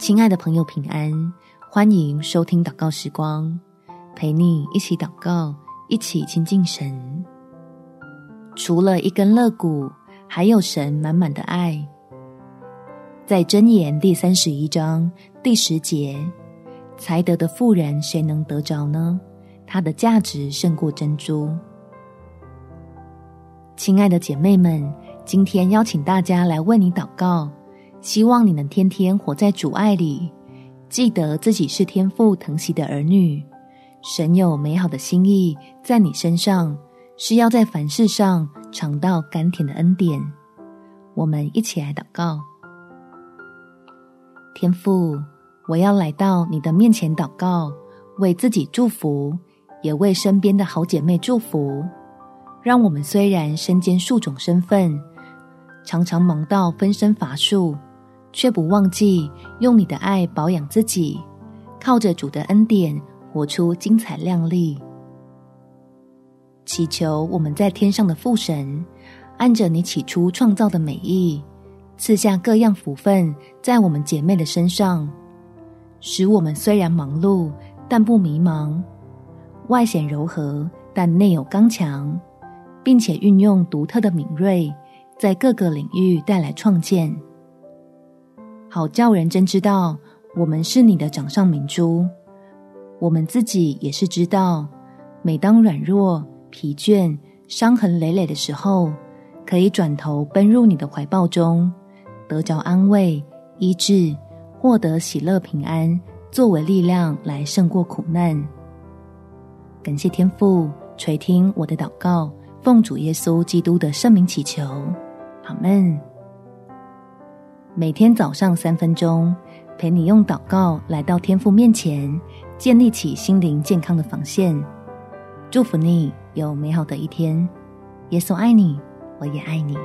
親愛的朋友，平安！歡迎收聽禱告時光，陪你一起禱告，一起親近神。除了一根肋骨，還有神滿滿的愛。在箴言第三十一章第十節，才德的婦人，誰能得着呢？她的價值勝過珍珠。親愛的姐妹們，今天邀請大家來為你禱告。希望你能天天活在主愛裡，記得自己是天父疼惜的兒女。神有美好的心意在你身上，是要在凡事上嘗到甘甜的恩典。我們一起來禱告：天父，我要來到你的面前禱告，為自己祝福，也為身邊的好姐妹祝福。讓我們雖然身兼數種身份，常常忙到分身乏術。卻不忘記用你的愛保養自己，靠着主的恩典活出精彩亮麗。祈求我們在天上的父神，按着你起初創造的美意，賜下各樣福分在我們姐妹的身上，使我們雖然忙碌，但不迷茫；外顯柔和，但內有剛強，並且運用獨特的敏銳，在各個領域帶來創建。好叫人真知道，我們是你的掌上明珠。我們自己也是知道，每當軟弱、疲倦、傷痕累累的時候，可以轉頭奔入你的懷抱中，得着安慰、醫治，獲得喜樂、平安，作為力量來勝過苦難。感謝天父垂聽我的禱告，奉主耶穌基督的聖名祈求，阿門。每天早上三分鐘，陪你用禱告來到天父面前，建立起心靈健康的防線。祝福你有美好的一天。耶穌愛你，我也愛你。